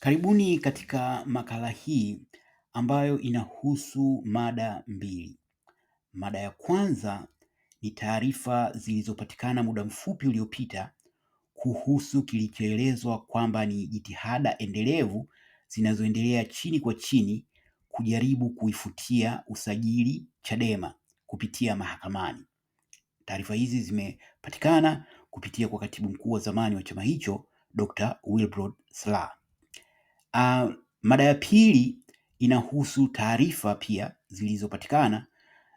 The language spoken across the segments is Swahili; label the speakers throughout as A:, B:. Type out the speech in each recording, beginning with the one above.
A: Karibuni katika makala hii ambayo inahusu mada mbili. Mada ya kwanza ni taarifa zilizopatikana muda mfupi uliopita kuhusu kilichoelezwa kwamba ni jitihada endelevu zinazoendelea chini kwa chini kujaribu kuifutia usajili Chadema kupitia mahakamani. Taarifa hizi zimepatikana kupitia kwa katibu mkuu wa zamani wa chama hicho Dr. Wilbrod Slaa. Uh, mada ya pili inahusu taarifa pia zilizopatikana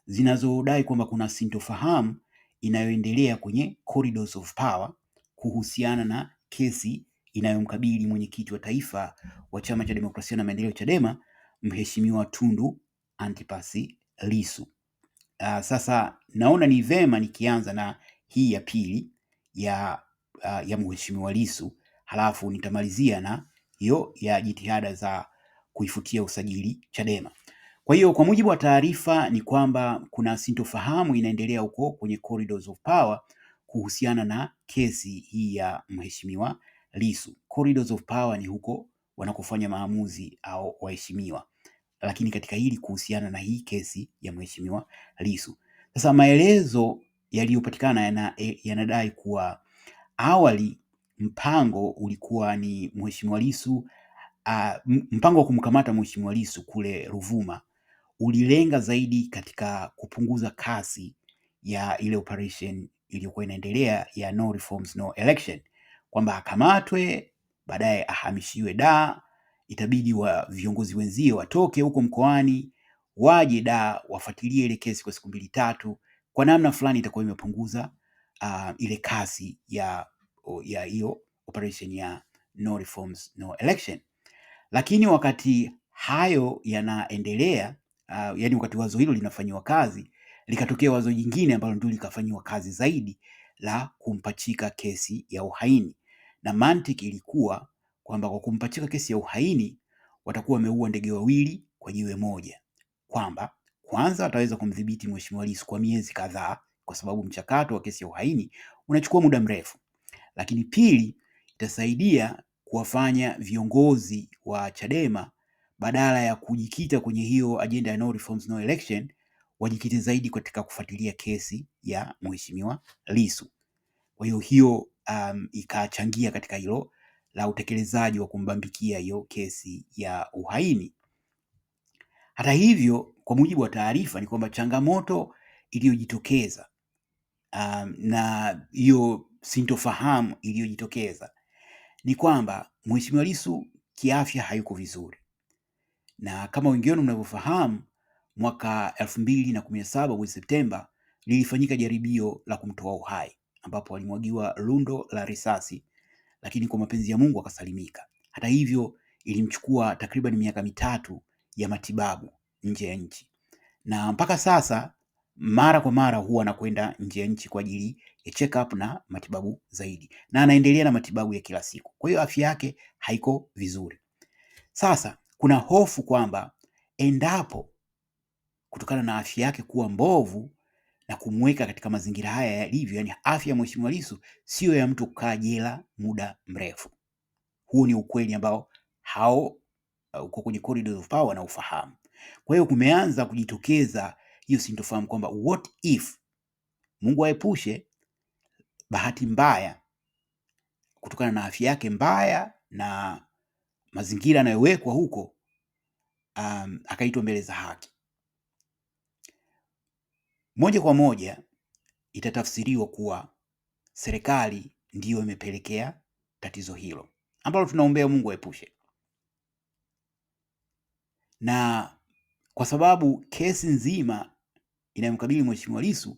A: zinazodai kwamba kuna sintofahamu inayoendelea kwenye corridors of power kuhusiana na kesi inayomkabili mwenyekiti wa taifa wa Chama cha Demokrasia na Maendeleo Chadema, Mheshimiwa Tundu Antipasi Lissu. Uh, sasa naona ni vema nikianza na hii ya pili ya, uh, ya Mheshimiwa Lissu halafu nitamalizia na hiyo ya jitihada za kuifutia usajili Chadema. Kwa hiyo kwa mujibu wa taarifa ni kwamba kuna sintofahamu inaendelea huko kwenye corridors of power kuhusiana na kesi hii ya mheshimiwa Lissu. Corridors of power ni huko wanakofanya maamuzi au waheshimiwa, lakini katika hili kuhusiana na hii kesi ya mheshimiwa Lissu. Sasa maelezo yaliyopatikana yanadai yana kuwa awali mpango ulikuwa ni Mheshimiwa Lissu uh, mpango wa kumkamata Mheshimiwa Lissu kule Ruvuma ulilenga zaidi katika kupunguza kasi ya ile operation iliyokuwa inaendelea ya no reforms no election, kwamba akamatwe, baadaye ahamishiwe da, itabidi wa viongozi wenzie watoke huko mkoani waje da wafuatilie ile kesi kwa siku mbili tatu. Kwa namna fulani itakuwa imepunguza uh, ile kasi ya ya hiyo operation ya no reforms no election. Lakini wakati hayo yanaendelea, uh, yani wakati wazo hilo linafanyiwa kazi, likatokea wazo jingine ambalo ndio likafanyiwa kazi zaidi la kumpachika kesi ya uhaini, na mantiki ilikuwa kwamba kwa kumpachika kesi ya uhaini watakuwa wameua ndege wawili kwa jiwe moja, kwamba kwanza wataweza kumdhibiti Mheshimiwa Lissu kwa miezi kadhaa, kwa sababu mchakato wa kesi ya uhaini unachukua muda mrefu, lakini pili, itasaidia kuwafanya viongozi wa Chadema badala ya kujikita kwenye hiyo ajenda ya no reforms no election wajikite zaidi katika kufuatilia kesi ya Mheshimiwa Lissu. Kwa hiyo hiyo um, ikachangia katika hilo la utekelezaji wa kumbambikia hiyo kesi ya uhaini. Hata hivyo, kwa mujibu wa taarifa ni kwamba changamoto iliyojitokeza um, na hiyo sintofahamu iliyojitokeza ni kwamba Mheshimiwa Lissu kiafya hayuko vizuri, na kama wengine mnavyofahamu, mwaka elfu mbili na kumi na saba mwezi Septemba lilifanyika jaribio la kumtoa uhai ambapo alimwagiwa lundo la risasi, lakini kwa mapenzi ya Mungu akasalimika. Hata hivyo, ilimchukua takriban miaka mitatu ya matibabu nje ya nchi na mpaka sasa mara kwa mara huwa anakwenda nje ya nchi kwa ajili ya check up na matibabu zaidi, na anaendelea na matibabu ya kila siku. Kwa hiyo afya yake haiko vizuri. Sasa kuna hofu kwamba endapo kutokana na afya yake kuwa mbovu na kumweka katika mazingira haya yalivyo, yani afya ya Mheshimiwa Lissu siyo ya mtu kukaa jela muda mrefu. Huu ni ukweli ambao hao uh, uko kwenye corridors of power na ufahamu. Kwa hiyo kumeanza kujitokeza hiyo sintofahamu kwamba what if, Mungu aepushe bahati mbaya kutokana na afya yake mbaya na mazingira anayowekwa huko, um, akaitwa mbele za haki. Moja kwa moja itatafsiriwa kuwa serikali ndiyo imepelekea tatizo hilo ambalo tunaombea Mungu aepushe. Na kwa sababu kesi nzima inayomkabili Mheshimiwa Lissu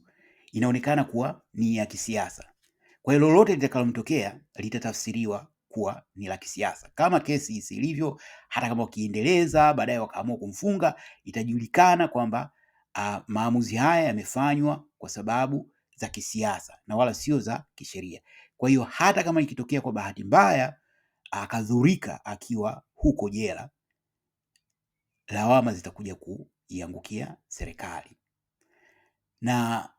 A: inaonekana kuwa ni ya kisiasa. Kwa hiyo lolote litakalomtokea litatafsiriwa kuwa ni la kisiasa, kama kesi isilivyo. Hata kama wakiendeleza baadaye wakaamua kumfunga, itajulikana kwamba uh, maamuzi haya yamefanywa kwa sababu za kisiasa na wala sio za kisheria. Kwa hiyo hata kama ikitokea kwa bahati mbaya akadhurika akiwa huko jela, lawama zitakuja kuiangukia serikali na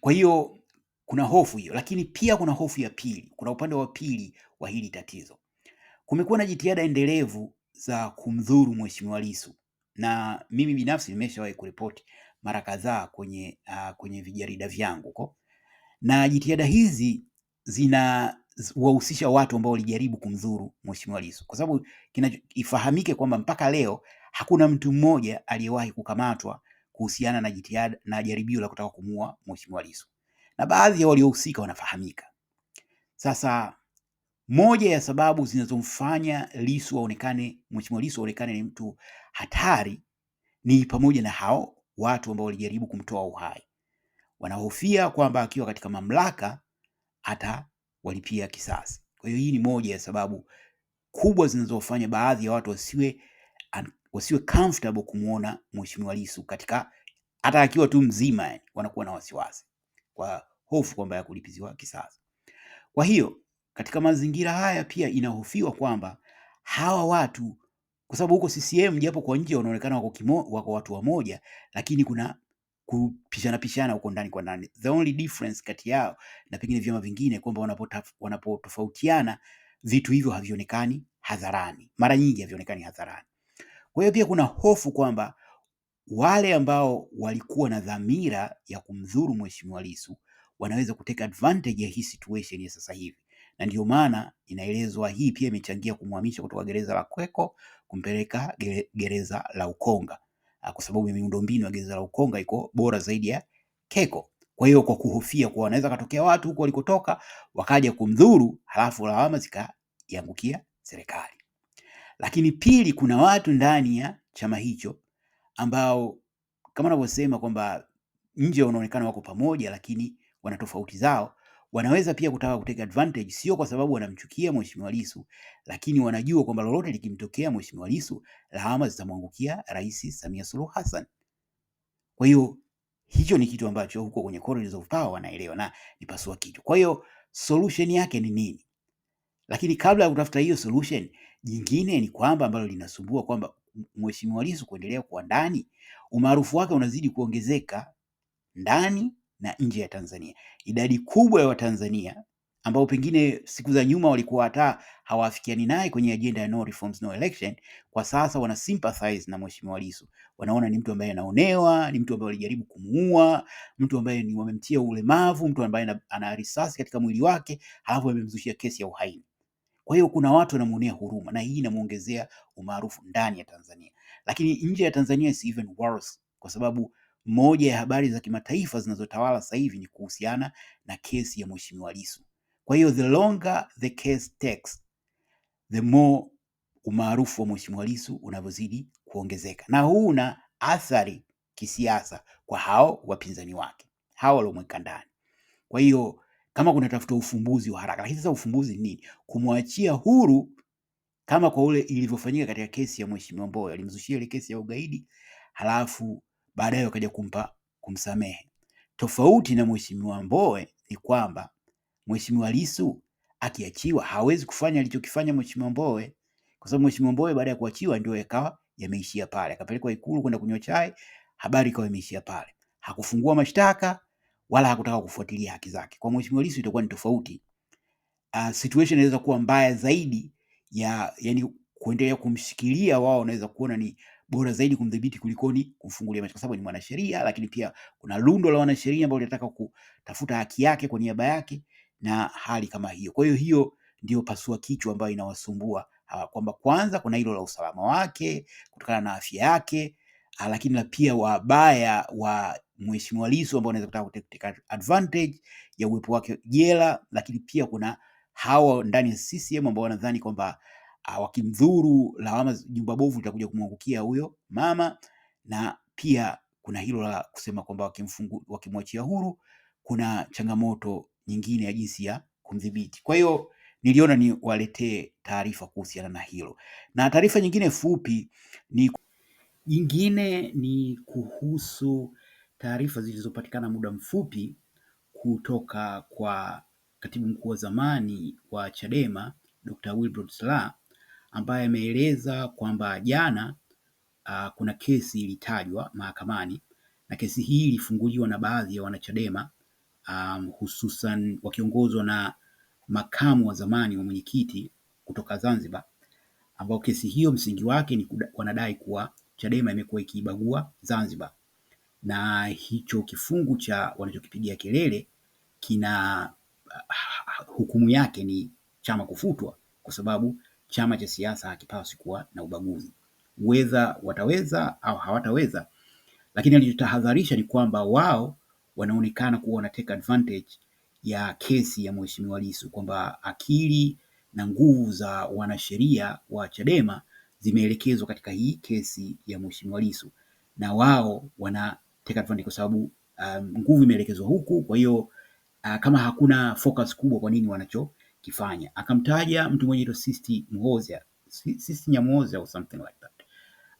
A: kwa hiyo kuna hofu hiyo, lakini pia kuna hofu ya pili, kuna upande wa pili wa hili tatizo. Kumekuwa na jitihada endelevu za kumdhuru Mheshimiwa Lissu na mimi binafsi nimeshawahi kuripoti mara kadhaa kwenye, uh, kwenye vijarida vyangu ko na jitihada hizi zinawahusisha watu ambao walijaribu kumdhuru Mheshimiwa Lissu, kwa sababu ifahamike kwamba mpaka leo hakuna mtu mmoja aliyewahi kukamatwa kuhusiana na jitihada na jaribio la kutaka kumua Mheshimiwa Lissu na baadhi ya waliohusika wanafahamika. Sasa moja ya sababu zinazomfanya Lissu aonekane, Mheshimiwa Lissu aonekane ni mtu hatari ni pamoja na hao watu ambao walijaribu kumtoa uhai. Wanahofia kwamba akiwa katika mamlaka atawalipia kisasi. Kwa hiyo hii ni moja ya sababu kubwa zinazofanya baadhi ya watu wasiwe wasiwe comfortable kumuona Mheshimiwa Lissu katika hata akiwa tu mzima, yani wanakuwa na wasiwasi kwa hofu kwamba ya kulipiziwa kisasi. Kwa hiyo katika mazingira haya pia inahofiwa kwamba hawa watu kwa sababu huko CCM japo kwa nje wanaonekana wako kimo, wako watu wamoja, lakini kuna kupishana pishana huko ndani kwa ndani. The only difference kati yao na pengine vyama vingine kwamba wanapotofautiana, wanapo vitu hivyo havionekani hadharani, mara nyingi havionekani hadharani. Kwa hiyo pia kuna hofu kwamba wale ambao walikuwa na dhamira ya kumdhuru Mheshimiwa Lissu wanaweza kuteka advantage ya hii situation ya sasa hivi, na ndio maana inaelezwa hii pia imechangia kumhamisha kutoka gereza la Kweko kumpeleka gereza la Ukonga, ah, kwa sababu ya miundombinu ya gereza la Ukonga iko bora zaidi ya Keko. Kwa hiyo kwa kuhofia kuwa wanaweza katokea watu huko walikotoka wakaja kumdhuru, halafu lawama zikaiangukia serikali. Lakini pili, kuna watu ndani ya chama hicho ambao kama anavyosema kwamba nje wanaonekana wako pamoja, lakini wana tofauti zao. Wanaweza pia kutaka kuteka advantage, sio kwa sababu wanamchukia Mheshimiwa Lissu, lakini wanajua kwamba lolote likimtokea Mheshimiwa Lissu, lawama zitamwangukia Rais Samia Suluhu Hassan. Kwa hiyo hicho ni kitu ambacho huko kwenye corridors of power wanaelewa na ni pasua kitu. Kwa hiyo solution yake ni nini? Lakini kabla ya kutafuta hiyo solution, jingine ni kwamba ambalo linasumbua kwamba Mheshimiwa Lissu kuendelea kuwa ndani, umaarufu wake unazidi kuongezeka ndani na nje ya Tanzania. Idadi kubwa ya Watanzania ambao pengine siku za nyuma walikuwa hata hawafikiani naye kwenye ajenda ya no reforms no election, kwa sasa wana sympathize na Mheshimiwa Lissu, wanaona ni mtu ambaye anaonewa, ni mtu ambaye walijaribu kumuua, mtu ambaye ni wamemtia ulemavu, mtu ambaye ana risasi katika mwili wake, halafu wamemzushia kesi ya uhaini. Kwa hiyo kuna watu wanamuonea huruma na hii inamuongezea umaarufu ndani ya Tanzania, lakini nje ya Tanzania is even worse, kwa sababu moja ya habari za kimataifa zinazotawala sasa hivi ni kuhusiana na kesi ya Mheshimiwa Lissu. Kwa hiyo the longer the case takes, the more umaarufu wa Mheshimiwa Lissu unavyozidi kuongezeka, na huu una athari kisiasa kwa hao wapinzani wake, hao waliomweka ndani. Kwa hiyo kama kunatafuta ufumbuzi wa haraka. Lakini sasa ufumbuzi nini? Kumwachia huru kama kwa ule ilivyofanyika katika kesi ya mheshimiwa Mbowe, alimzushia ile kesi ya ugaidi, halafu baadaye wakaja kumpa kumsamehe. Tofauti na mheshimiwa Mbowe ni kwamba mheshimiwa Lissu akiachiwa hawezi kufanya alichokifanya mheshimiwa Mbowe, kwa sababu mheshimiwa Mbowe baada ya kuachiwa ndio yakawa yameishia pale, akapelekwa Ikulu kwenda kunywa chai, habari ikawa imeishia pale, hakufungua mashtaka wala hakutaka kufuatilia haki zake. Kwa Mheshimiwa Lissu itakuwa ni tofauti. Uh, situation inaweza kuwa mbaya zaidi ya yani, kuendelea kumshikilia wao wanaweza kuona ni bora zaidi kumdhibiti kulikoni kumfungulia macho, kwa sababu ni mwanasheria, lakini pia kuna lundo la wanasheria ambao linataka kutafuta haki yake kwa niaba yake na hali kama hiyo. Kwa hiyo hiyo ndio pasua kichwa ambayo inawasumbua hawa, ah, kwamba kwanza kuna hilo la usalama wake kutokana na afya yake, ah, lakini na pia wabaya wa Mheshimiwa Lissu ambao anaweza kutaka kuteka advantage ya uwepo wake jela, lakini pia kuna hawa ndani ya CCM ambao wanadhani kwamba uh, wakimdhuru lawama jumba bovu litakuja kumwangukia huyo mama, na pia kuna hilo la kusema kwamba wakimfungu wakimwachia huru kuna changamoto nyingine ya jinsi ya kumdhibiti. Kwa hiyo niliona niwaletee taarifa kuhusiana na hilo, na taarifa nyingine fupi ni
B: nyingine ni kuhusu taarifa zilizopatikana muda mfupi kutoka kwa katibu mkuu wa zamani wa Chadema Dr. Wilbrod Slaa ambaye ameeleza kwamba jana uh, kuna kesi ilitajwa mahakamani na kesi hii ilifunguliwa na baadhi ya wanachadema um, hususan wakiongozwa na makamu wa zamani wa mwenyekiti kutoka Zanzibar, ambao kesi hiyo msingi wake ni wanadai kuwa Chadema imekuwa ikiibagua Zanzibar na hicho kifungu cha wanachokipigia kelele kina hukumu yake ni chama kufutwa, kwa sababu chama cha siasa hakipaswi kuwa na ubaguzi, wedha wataweza au hawataweza. Lakini alichotahadharisha ni kwamba wao wanaonekana kuwa take advantage ya kesi ya Mheshimiwa Lissu, kwamba akili na nguvu za wanasheria wa Chadema zimeelekezwa katika hii kesi ya Mheshimiwa Lissu na wao wana take advantage kwa sababu um, nguvu um, imeelekezwa huku. Kwa hiyo uh, kama hakuna focus kubwa, kwa nini wanachokifanya? Akamtaja mtu mwenye something like that,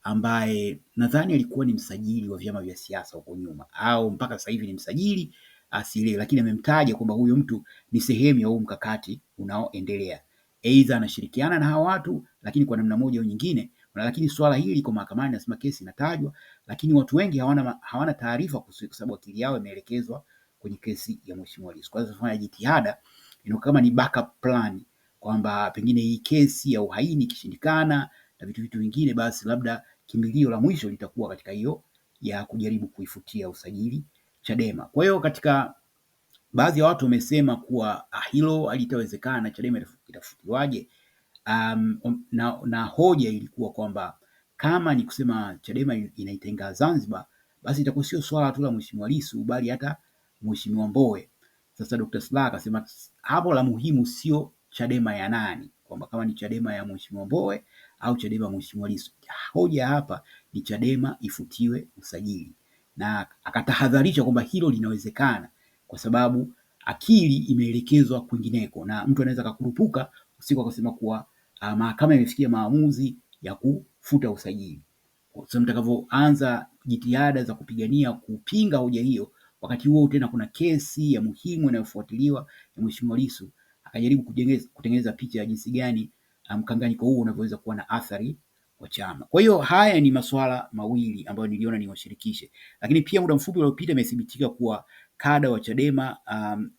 B: ambaye nadhani alikuwa ni msajili wa vyama vya siasa huko nyuma, au mpaka sasa hivi ni msajili asili, lakini amemtaja kwamba huyo mtu ni sehemu ya huu mkakati unaoendelea, aidha anashirikiana na hawa watu, lakini kwa namna moja au nyingine lakini swala hili liko mahakamani, nasema kesi inatajwa, lakini watu wengi hawana, hawana taarifa kwa sababu akili yao imeelekezwa kwenye kesi ya Mheshimiwa Lissu. Kwa hiyo tunafanya jitihada ino kama ni backup plan kwamba pengine hii kesi ya uhaini ikishindikana na vitu vitu vingine, basi labda kimbilio la mwisho litakuwa katika hiyo ya kujaribu kuifutia usajili Chadema. Kwa hiyo katika baadhi ya watu wamesema kuwa ah, hilo halitawezekana, Chadema itafutiwaje? Um, um, na, na hoja ilikuwa kwamba kama ni kusema Chadema inaitenga Zanzibar basi itakuwa sio swala tu la Mheshimiwa Lissu bali hata Mheshimiwa Mbowe. Sasa Dr. Slaa akasema hapo la muhimu sio Chadema ya nani, kwamba kama ni Chadema ya Mheshimiwa Mbowe au Chadema ya Mheshimiwa Lissu, hoja hapa ni Chadema ifutiwe usajili, na akatahadharisha kwamba hilo linawezekana kwa sababu akili imeelekezwa kwingineko na mtu anaweza akakurupuka siku akasema kuwa uh, mahakama imefikia maamuzi ya kufuta usajili. So mtakavyoanza jitihada za kupigania kupinga hoja hiyo, wakati huo tena kuna kesi ya muhimu inayofuatiliwa ya Mheshimiwa Lissu, akajaribu kutengeneza picha ya jinsi gani ah, mkanganyiko um, huo unavyoweza kuwa na athari kwa chama. Kwa hiyo haya ni masuala mawili ambayo niliona niwashirikishe, lakini pia muda mfupi uliopita imethibitika kuwa kada wa Chadema um,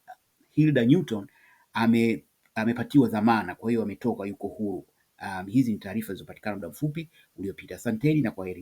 B: Hilda Newton ame amepatiwa dhamana, kwa hiyo ametoka, yuko huru. Um, hizi ni taarifa zilizopatikana muda mfupi uliopita. Asanteni na kwaheri.